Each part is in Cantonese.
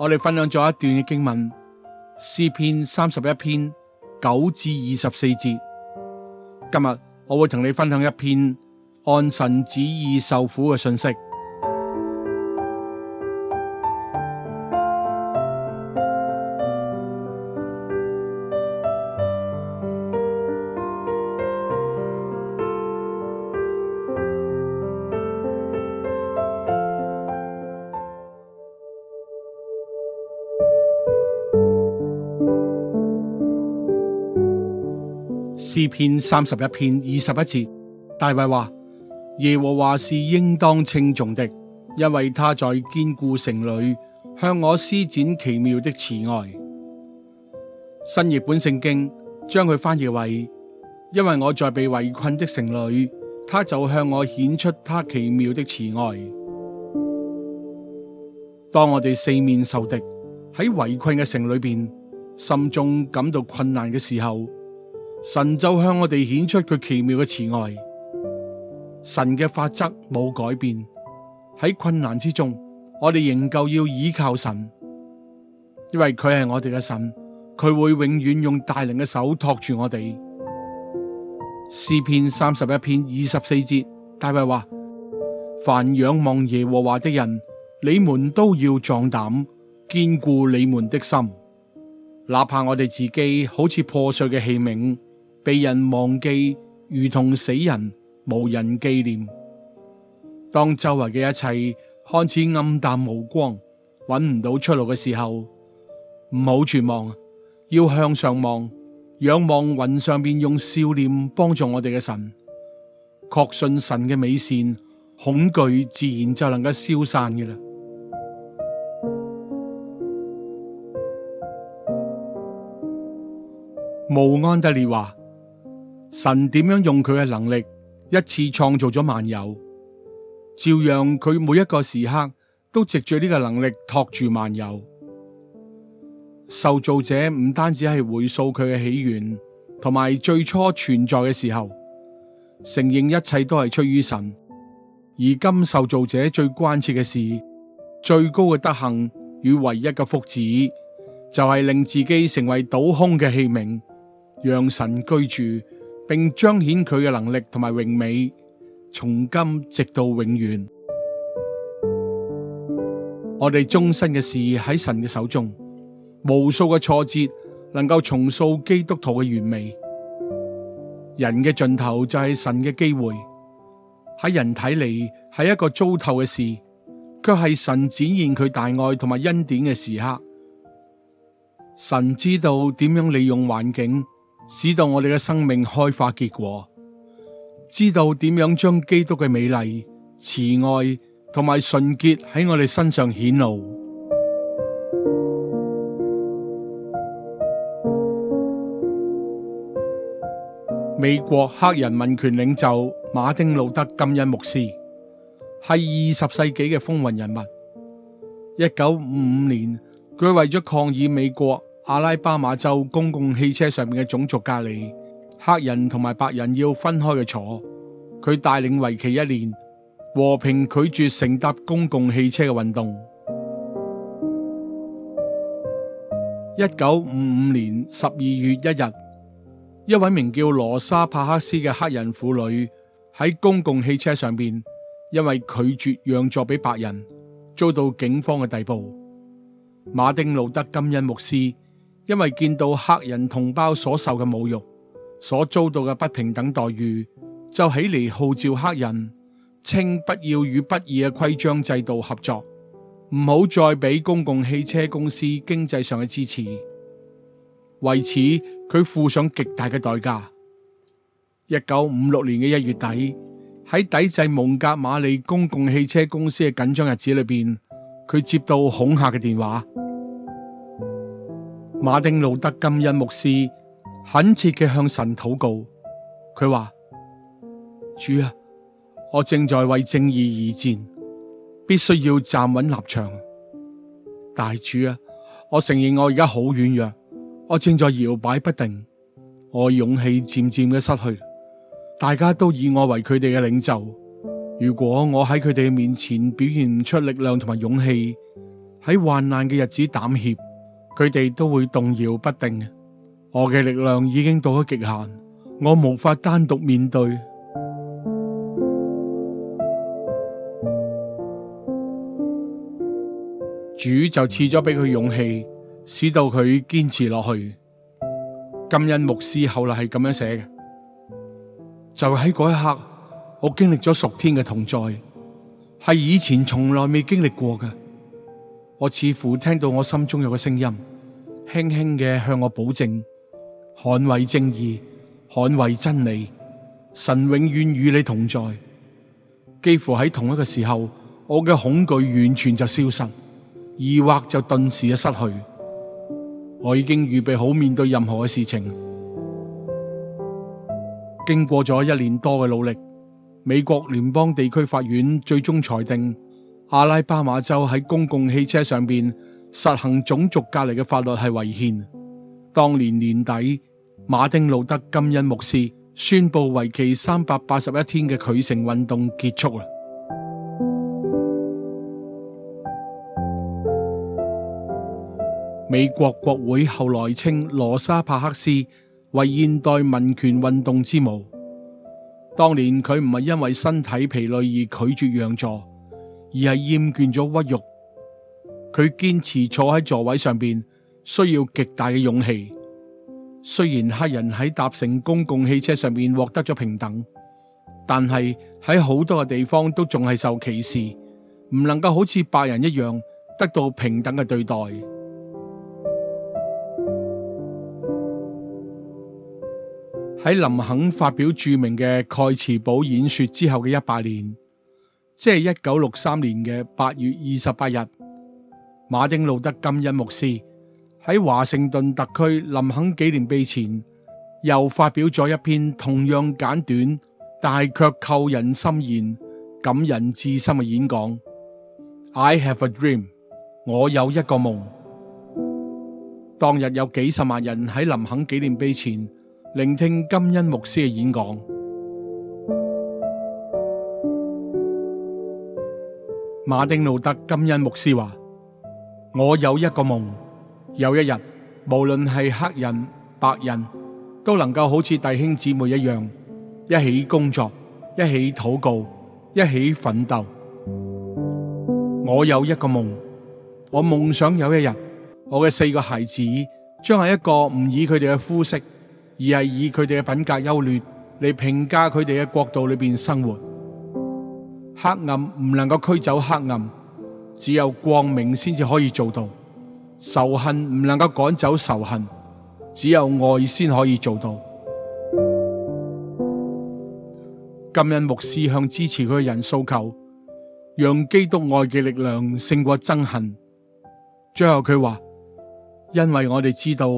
我哋分享咗一段嘅經文，詩篇三十一篇九至二十四節。今日我會同你分享一篇按神旨意受苦嘅信息。詩篇三十一篇二十一節，大衛話：耶和華是應當稱頌的，因為他在堅固城裏向我施展奇妙的慈愛。新譯本聖經將佢翻譯為：因為我在被圍困的城裏，他就向我顯出他奇妙的慈愛。當我哋四面受敵，喺圍困嘅城裏邊，心中感到困難嘅時候，神就向我哋顯出佢奇妙嘅慈愛。神嘅法則冇改變，喺困難之中，我哋仍舊要依靠神，因為佢係我哋嘅神，佢會永遠用大能嘅手托住我哋。詩篇三十一篇二十四節，大衛話：凡仰望耶和華的人，你們都要壯膽，堅固你們的心，哪怕我哋自己好似破碎嘅器皿，被人忘記，如同死人，無人紀念。當周圍嘅一切看似暗淡無光，搵唔到出路嘅時候，唔好絕望，要向上望，仰望雲上面用笑臉幫助我哋嘅神，確信神嘅美善，恐懼自然就能夠消散嘅啦。慕安德烈話。神點樣用佢嘅能力一次創造咗萬有，照樣佢每一個時刻都藉住呢個能力托住萬有。受造者唔單止係回溯佢嘅起源，同埋最初存在嘅時候，承認一切都係出於神。而今受造者最關切嘅事、最高嘅德行與唯一嘅福祉，就係、是、令自己成為倒空嘅器皿，讓神居住。並彰顯佢嘅能力同埋榮美，從今直到永遠。我哋終身嘅事喺神嘅手中，無數嘅挫折能夠重塑基督徒嘅完美。人嘅盡頭就係神嘅機會，喺人睇嚟係一個糟透嘅事，卻係神展現佢大愛同埋恩典嘅時刻。神知道點樣利用環境。使到我哋嘅生命開花結果，知道點樣將基督嘅美麗、慈愛同埋純潔喺我哋身上顯露。美國黑人民權領袖馬丁路德金恩牧師係二十世紀嘅風雲人物。一九五五年，佢為咗抗議美國，阿拉巴馬州公共汽車上面嘅種族隔離，黑人同埋白人要分開嘅坐。佢帶領為期一年和平拒絕乘搭公共汽車嘅運動。一九五五年十二月一日，一位名叫羅莎帕克斯嘅黑人婦女喺公共汽車上邊，因為拒絕讓座俾白人，遭到警方嘅逮捕。馬丁路德金恩牧師。因為見到黑人同胞所受嘅侮辱，所遭到嘅不平等待遇，就起嚟號召黑人，稱不要與不義嘅規章制度合作，唔好再俾公共汽車公司經濟上嘅支持。為此，佢付上極大嘅代價。一九五六年嘅一月底，喺抵制蒙格馬里公共汽車公司嘅緊張日子裏邊，佢接到恐嚇嘅電話。馬丁路德金恩牧師懇切嘅向神禱告，佢話：主啊，我正在為正義而戰，必須要站穩立場。但係主啊，我承認我而家好軟弱，我正在搖擺不定，我勇氣漸漸嘅失去。大家都以我為佢哋嘅領袖，如果我喺佢哋面前表現唔出力量同埋勇氣，喺患難嘅日子膽怯。佢哋都會動搖不定。我嘅力量已經到咗極限，我無法單獨面對。主就賜咗俾佢勇氣，使到佢堅持落去。金恩牧師後來係咁樣寫嘅：就喺嗰一刻，我經歷咗屬天嘅同在，係以前從來未經歷過嘅。我似乎聽到我心中有個聲音，輕輕嘅向我保證，捍衛正義，捍衛真理，神永遠與你同在。幾乎喺同一個時候，我嘅恐懼完全就消失，疑惑就頓時就失去。我已經預備好面對任何嘅事情。經過咗一年多嘅努力，美國聯邦地區法院最終裁定。阿拉巴馬州喺公共汽車上邊實行種族隔離嘅法律係違憲。當年年底，馬丁路德金恩牧師宣布為期三百八十一天嘅拒乘運動結束啦。美國國會後來稱羅莎帕克斯為現代民權運動之母。當年佢唔係因為身體疲累而拒絕讓座。而係厭倦咗屈辱，佢堅持坐喺座位上邊，需要極大嘅勇氣。雖然黑人喺搭乘公共汽車上面獲得咗平等，但係喺好多嘅地方都仲係受歧視，唔能夠好似白人一樣得到平等嘅對待。喺林肯發表著名嘅蓋茨堡演說之後嘅一百年，即係一九六三年嘅八月二十八日，馬丁路德金恩牧師喺華盛頓特區林肯紀念碑前，又發表咗一篇同樣簡短，但係卻扣人心弦、感人至深嘅演講。I have a dream，我有一個夢。當日有幾十萬人喺林肯紀念碑前聆聽金恩牧師嘅演講。馬丁路德金恩牧師話：我有一個夢，有一日，無論係黑人、白人，都能夠好似弟兄姊妹一樣，一起工作，一起禱告，一起奮鬥。我有一個夢，我夢想有一日，我嘅四個孩子將係一個唔以佢哋嘅膚色，而係以佢哋嘅品格優劣嚟評價佢哋嘅國度裏面生活。黑暗唔能夠驅走黑暗，只有光明先至可以做到；仇恨唔能夠趕走仇恨，只有愛先可以做到。感恩牧師向支持佢嘅人訴求，讓基督愛嘅力量勝過憎恨。最後佢話：因為我哋知道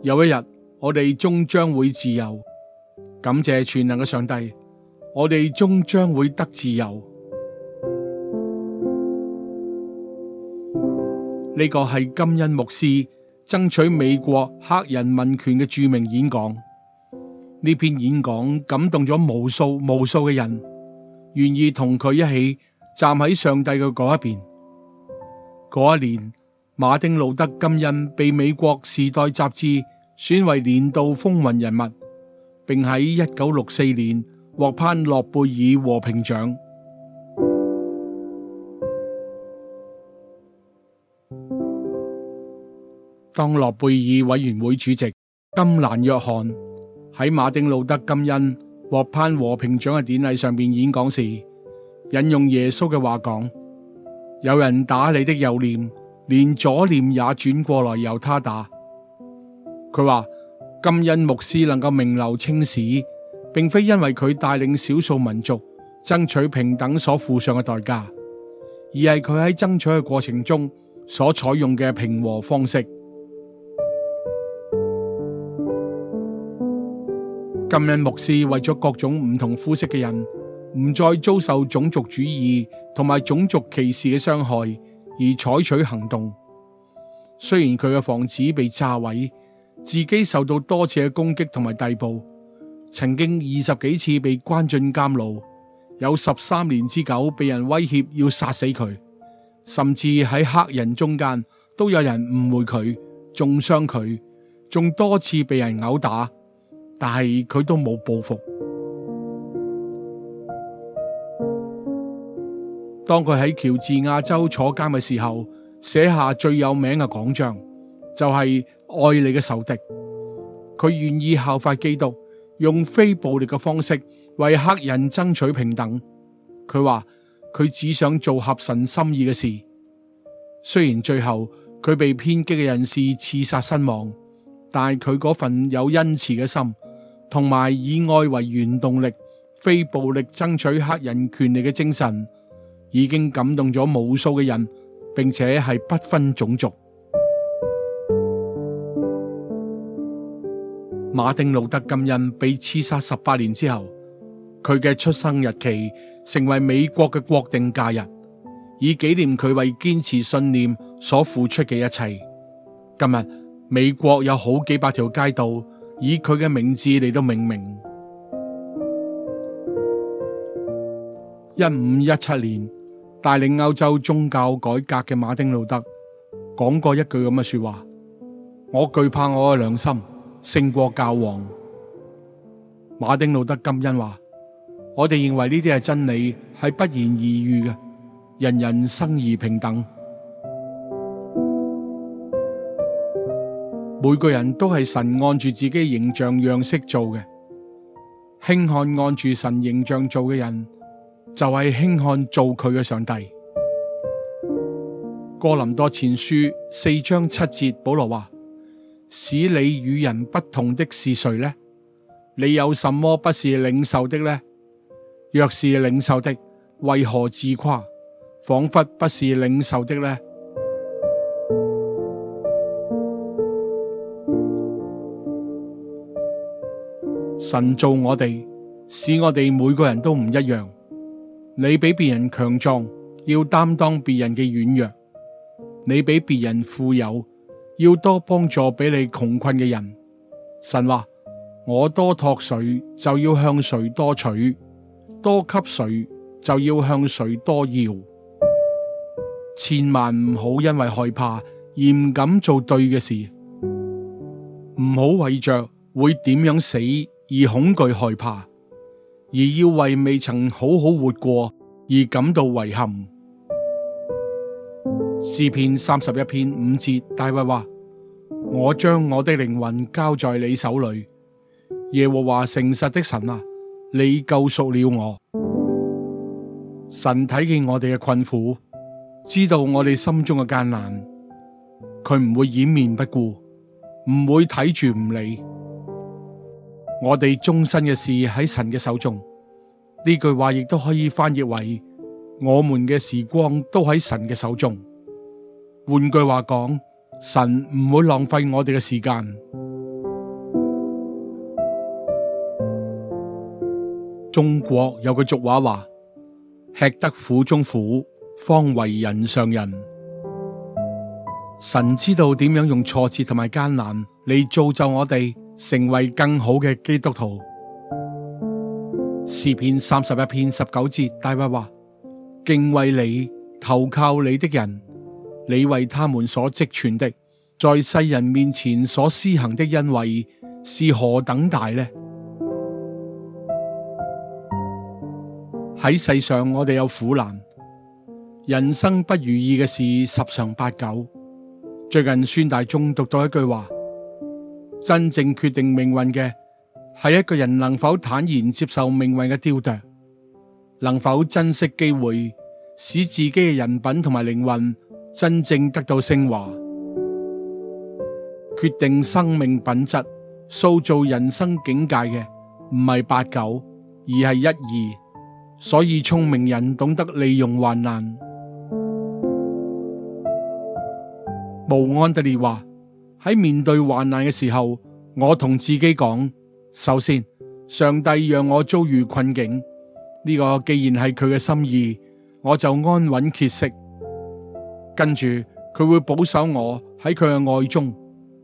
有一日我哋終將會自由。感謝全能嘅上帝，我哋終將會得自由。呢個係金恩牧師爭取美國黑人民權嘅著名演講，呢篇演講感動咗無數無數嘅人，願意同佢一起站喺上帝嘅嗰一邊。嗰一年，馬丁路德金恩被美國《時代》雜誌選為年度風雲人物，並喺一九六四年獲頒諾貝爾和平獎。當諾貝爾委員會主席金蘭約翰喺馬丁路德金恩獲頒和平獎嘅典禮上面演講時，引用耶穌嘅話講：有人打你的右臉，連左臉也轉過來由他打。佢話金恩牧師能夠名留青史，並非因為佢帶領少數民族爭取平等所付上嘅代價，而係佢喺爭取嘅過程中所採用嘅平和方式。今日牧師為咗各種唔同膚色嘅人唔再遭受種族主義同埋種族歧視嘅傷害而採取行動。雖然佢嘅房子被炸毀，自己受到多次嘅攻擊同埋逮捕，曾經二十幾次被關進監牢，有十三年之久被人威脅要殺死佢，甚至喺黑人中間都有人誤會佢，中傷佢，仲多次被人毆打。但係佢都冇報復。當佢喺喬治亞州坐監嘅時候，寫下最有名嘅講章，就係「愛你嘅仇敵」。佢願意效法基督，用非暴力嘅方式為黑人爭取平等。佢話佢只想做合神心意嘅事。雖然最後佢被偏激嘅人士刺殺身亡，但係佢嗰份有恩慈嘅心。同埋以,以愛為原動力、非暴力爭取黑人權利嘅精神，已經感動咗無數嘅人，並且係不分種族。馬丁路德金恩被刺殺十八年之後，佢嘅出生日期成為美國嘅國定假日，以紀念佢為堅持信念所付出嘅一切。今日美國有好幾百條街道。以佢嘅名字嚟到命名。一五一七年帶領歐洲宗教改革嘅馬丁路德講過一句咁嘅說話：「我懼怕我嘅良心勝過教皇。」馬丁路德金恩話：「我哋認為呢啲係真理，係不言而喻嘅，人人生而平等。」每個人都係神按住自己形象樣式做嘅，輕看按住神形象做嘅人，就係、是、輕看做佢嘅上帝。哥林多前書四章七節，保羅話：使你與人不同的是誰呢？你有什麼不是領受的呢？若是領受的，為何自誇，仿佛不是領受的呢？神造我哋，使我哋每個人都唔一樣。你比別人強壯，要擔當別人嘅軟弱；你比別人富有，要多幫助比你窮困嘅人。神話我多託誰，就要向誰多取；多給誰，就要向誰多要。千萬唔好因為害怕而唔敢做對嘅事，唔好為着會點樣死，而恐懼害怕，而要為未曾好好活過而感到遺憾。詩篇三十一篇五節，大衛話：我將我的靈魂交在你手裏，耶和華誠實的神啊，你救贖了我。神睇見我哋嘅困苦，知道我哋心中嘅艱難，佢唔會掩面不顧，唔會睇住唔理。我哋終身嘅事喺神嘅手中，呢句話亦都可以翻譯為：我們嘅時光都喺神嘅手中。換句話講，神唔會浪費我哋嘅時間。中國有句俗話話：吃得苦中苦，方為人上人。神知道點樣用挫折同埋艱難嚟造就我哋。成為更好嘅基督徒。詩篇三十一篇十九節，大衛話：敬畏你、投靠你的人，你為他們所積存的，在世人面前所施行的恩惠是何等大呢？喺世上，我哋有苦難，人生不如意嘅事十常八九。最近孫大中讀到一句話。真正決定命運嘅係一個人能否坦然接受命運嘅雕琢，能否珍惜機會，使自己嘅人品同埋靈魂真正得到升華。決定生命品質、塑造人生境界嘅唔係八九，而係一二。所以聰明人懂得利用患難。無安德烈話。喺面對患難嘅時候，我同自己講：首先，上帝讓我遭遇困境，呢個既然係佢嘅心意，我就安穩歇息。跟住佢會保守我喺佢嘅愛中，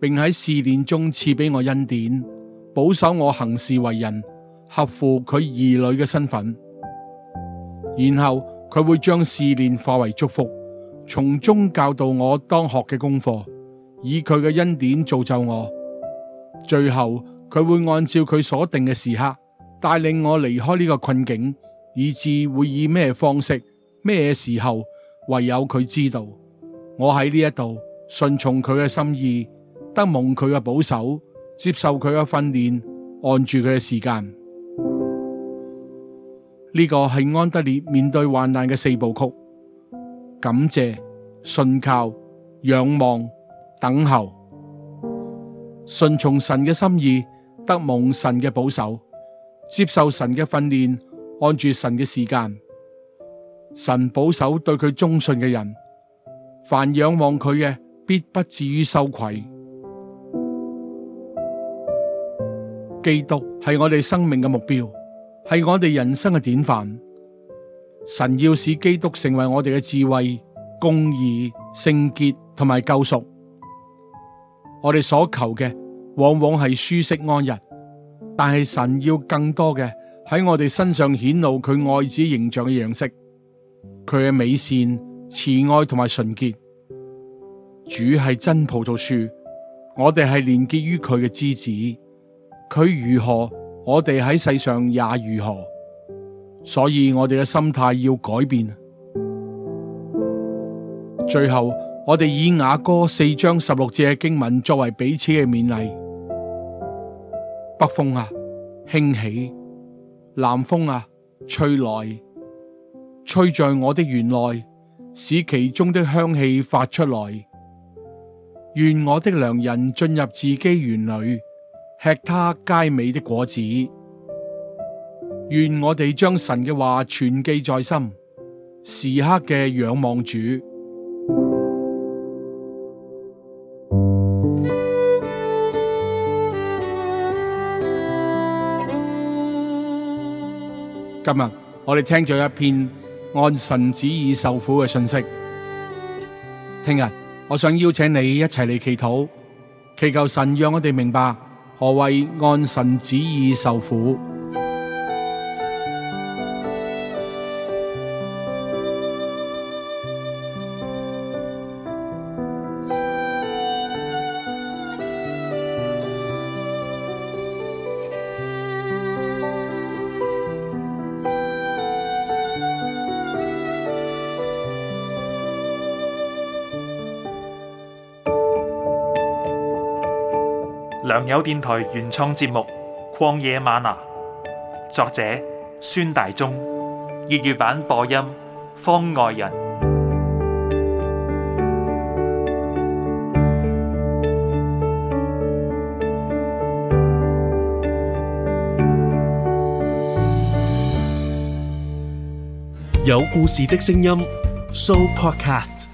並喺試煉中賜俾我恩典，保守我行事為人合乎佢兒女嘅身份。然後佢會將試煉化為祝福，從中教導我當學嘅功課。以佢嘅恩典造就我，最後佢會按照佢所定嘅時刻帶領我離開呢個困境，以至會以咩方式，咩時候，唯有佢知道。我喺呢一度順從佢嘅心意，得蒙佢嘅保守，接受佢嘅訓練，按住佢嘅時間。呢個係安德烈面對患難嘅四部曲：感謝、信靠、仰望。等候，順從神嘅心意，得蒙神嘅保守，接受神嘅訓練，按住神嘅時間。神保守對佢忠信嘅人，凡仰望佢嘅，必不至於羞愧。基督係我哋生命嘅目標，係我哋人生嘅典範。神要使基督成為我哋嘅智慧、公義、聖潔同埋救贖。我哋所求嘅往往係舒適安逸，但係神要更多嘅喺我哋身上顯露佢愛子形象嘅樣式，佢嘅美善、慈愛同埋純潔。主係真葡萄樹，我哋係連結於佢嘅枝子，佢如何，我哋喺世上也如何。所以我哋嘅心態要改變。最後。我哋以雅歌四章十六節嘅經文作為彼此嘅勉勵。北風啊，興起；南風啊，吹來，吹在我的園內，使其中的香氣發出來。願我的良人進入自己園裏，吃他佳美的果子。願我哋將神嘅話存記在心，時刻嘅仰望主。今日我哋聽咗一篇按神旨意受苦嘅信息，聽日我想邀請你一齊嚟祈禱，祈求神讓我哋明白何為按神旨意受苦。良友電台原創節目《曠野瑪娜》，作者孫大中，粵語版播音方外人，有故事嘅聲音，Show Podcast。